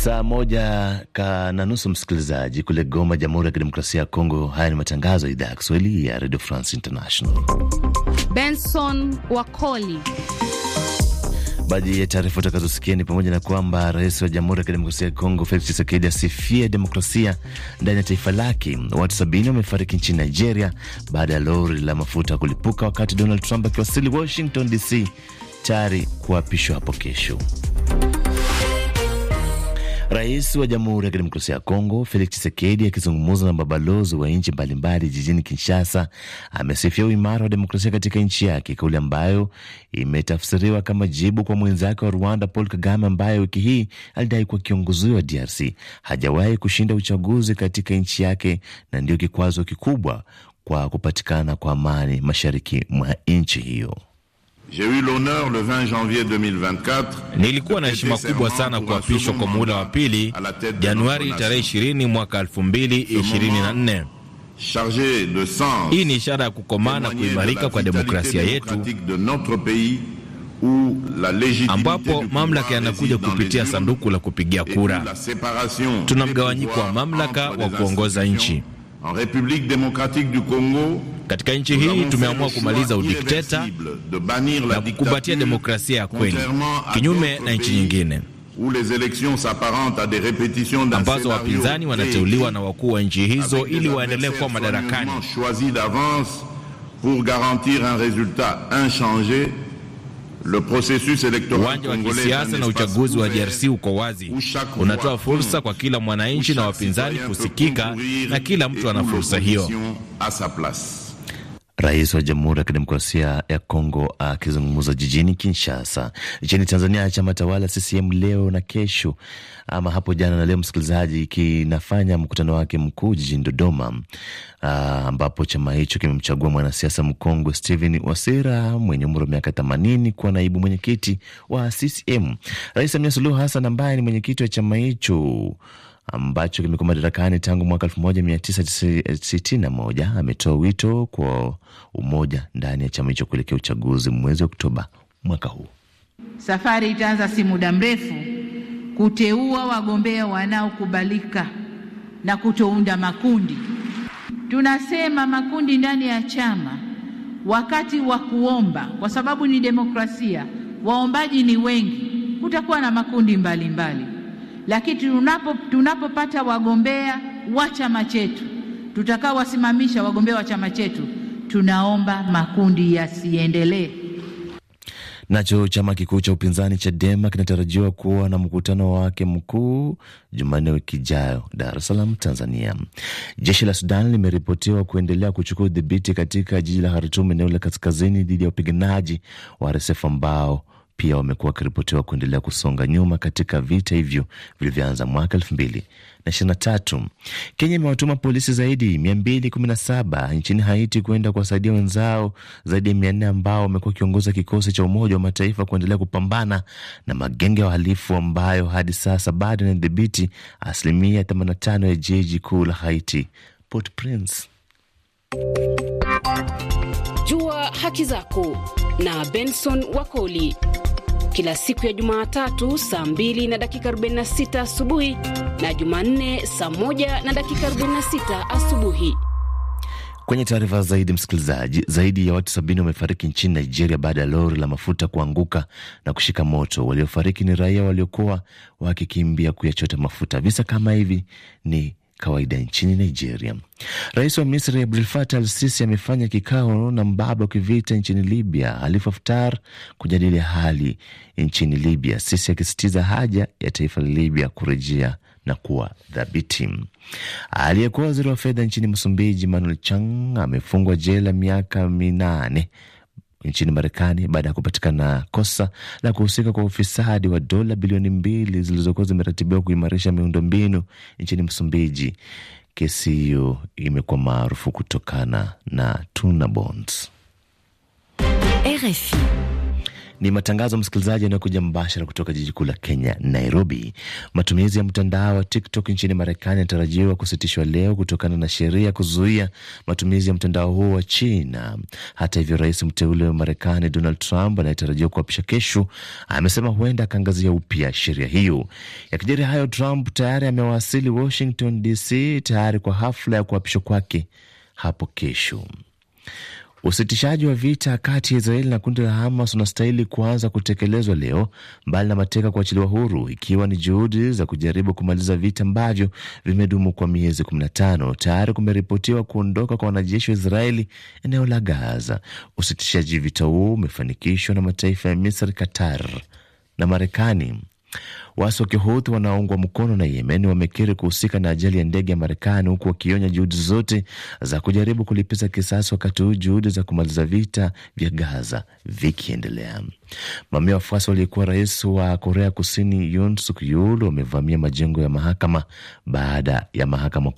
Saa moja na nusu, msikilizaji kule Goma, Jamhuri ya Kidemokrasia ya Kongo. Haya ni matangazo ya idhaa ya Kiswahili ya Radio France International. Benson Wakoli. Baadhi ya taarifa utakazosikia ni pamoja na kwamba rais wa Jamhuri ya Kidemokrasia ya Kongo Felix Tshisekedi asifia demokrasia ndani ya taifa lake. Watu sabini wamefariki nchini Nigeria baada ya lori la mafuta kulipuka, wakati Donald Trump akiwasili Washington DC tayari kuapishwa hapo kesho. Rais wa Jamhuri ya Kidemokrasia ya Kongo Felix Tshisekedi akizungumza na mabalozi wa nchi mbalimbali jijini Kinshasa amesifia uimara wa demokrasia katika nchi yake, kauli ambayo imetafsiriwa kama jibu kwa mwenzake wa Rwanda Paul Kagame ambaye wiki hii alidai kuwa kiongozi wa DRC hajawahi kushinda uchaguzi katika nchi yake na ndio kikwazo kikubwa kwa kupatikana kwa amani mashariki mwa nchi hiyo. Nilikuwa na heshima kubwa sana kuapishwa kwa muhula wa pili Januari tarehe 20 mwaka 2024. Hii ni ishara ya kukomaa na kuimarika kwa demokrasia yetu ambapo mamlaka yanakuja kupitia sanduku la kupigia kura. Tuna mgawanyiko wa mamlaka wa kuongoza nchi. Katika nchi hii tumeamua kumaliza udikteta na kukumbatia demokrasia ya kweli, kinyume na nchi nyingine ambazo wapinzani wanateuliwa na wakuu wa nchi hizo ili waendelee kuwa madarakani. Uwanja wa kisiasa na uchaguzi wa DRC uko wazi, unatoa fursa kwa kila mwananchi na wapinzani kusikika, na kila mtu ana fursa hiyo. Rais wa Jamhuri ya Kidemokrasia ya Kongo akizungumza jijini Kinshasa. Nchini Tanzania, chama tawala CCM leo na kesho, ama hapo jana na leo, msikilizaji, kinafanya mkutano wake mkuu jijini Dodoma, ah, ambapo chama hicho kimemchagua mwanasiasa mkongwe stehen Wasira mwenye umri wa miaka 80 kuwa naibu mwenyekiti wa CCM. Rais Samia Suluhu Hassan ambaye ni mwenyekiti wa chama hicho ambacho kimekuwa madarakani tangu mwaka 1961 ametoa wito kwa umoja ndani ya chama hicho kuelekea uchaguzi mwezi Oktoba mwaka huu. Safari itaanza si muda mrefu kuteua wagombea wanaokubalika na kutounda makundi. Tunasema makundi ndani ya chama wakati wa kuomba, kwa sababu ni demokrasia, waombaji ni wengi, kutakuwa na makundi mbalimbali mbali lakini tunapo tunapopata wagombea wa chama chetu tutakaowasimamisha wagombea wa chama chetu, tunaomba makundi yasiendelee. Nacho chama kikuu cha upinzani Chadema kinatarajiwa kuwa na mkutano wake mkuu Jumanne wiki ijayo Dar es Salaam, Tanzania. Jeshi la Sudan limeripotiwa kuendelea kuchukua udhibiti katika jiji la Khartoum, eneo la kaskazini, dhidi ya wapiganaji wa RSF ambao pia wamekuwa wakiripotiwa kuendelea kusonga nyuma katika vita hivyo vilivyoanza mwaka elfu mbili na ishirini na tatu. Kenya imewatuma polisi zaidi mia mbili kumi na saba nchini Haiti kuenda kuwasaidia wenzao zaidi ya mia nne ambao wamekuwa wakiongoza kikosi cha Umoja wa Mataifa kuendelea kupambana na magenge ya wahalifu ambayo hadi sasa bado inadhibiti asilimia 85 ya jiji kuu la Haiti, Port Prince. Jua haki zako na Benson Wakoli kila siku ya Jumatatu saa 2 na dakika 46 asubuhi na Jumanne saa 1 na dakika 46 asubuhi. Kwenye taarifa zaidi, msikilizaji, zaidi ya watu sabini wamefariki nchini Nigeria baada ya lori la mafuta kuanguka na kushika moto. Waliofariki ni raia waliokuwa wakikimbia kuyachota mafuta. Visa kama hivi ni kawaida nchini Nigeria. Rais wa Misri abdul fatah al-Sisi amefanya kikao na mbaba wa kivita nchini Libya Khalifa Haftar kujadili hali nchini Libya, Sisi akisisitiza haja ya taifa la Libya kurejea na kuwa thabiti. Aliyekuwa waziri wa fedha nchini Msumbiji Manuel Chang amefungwa jela miaka minane nchini Marekani baada ya kupatikana kosa la kuhusika kwa ufisadi wa dola bilioni mbili zilizokuwa zimeratibiwa kuimarisha miundombinu nchini Msumbiji. Kesi hiyo imekuwa maarufu kutokana na Tuna Bonds. RFI ni matangazo msikilizaji yanayokuja mbashara kutoka jiji kuu la Kenya, Nairobi. Matumizi ya mtandao wa TikTok nchini Marekani yanatarajiwa kusitishwa leo kutokana na sheria kuzuia matumizi ya mtandao huo wa China. Hata hivyo, rais mteule wa Marekani Donald Trump anayetarajiwa kuapisha kesho amesema huenda akaangazia upya sheria hiyo. Yakijiri hayo, Trump tayari amewasili Washington DC, tayari kwa hafla ya kuapishwa kwake hapo kesho. Usitishaji wa vita kati ya Israeli na kundi la Hamas unastahili kuanza kutekelezwa leo, mbali na mateka kuachiliwa huru, ikiwa ni juhudi za kujaribu kumaliza vita ambavyo vimedumu kwa miezi 15. Tayari kumeripotiwa kuondoka kwa wanajeshi wa Israeli eneo la Gaza. Usitishaji vita huu umefanikishwa na mataifa ya Misri, Qatar na Marekani. Waasi wa kihuthi wanaoungwa mkono na Yemen wamekiri kuhusika na ajali ya ndege ya Marekani, huku wakionya juhudi zote za kujaribu kulipiza kisasi, wakati huu juhudi za kumaliza vita vya Gaza vikiendelea. Mamia wafuasi waliyekuwa rais wa Korea Kusini Yoon Suk Yeol wamevamia majengo ya mahakama baada ya mahakama